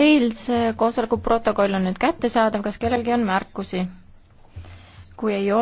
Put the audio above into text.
eilse koosoleku protokoll on nüüd kättesaadav, kas kellelgi on märkusi? kui ei ole,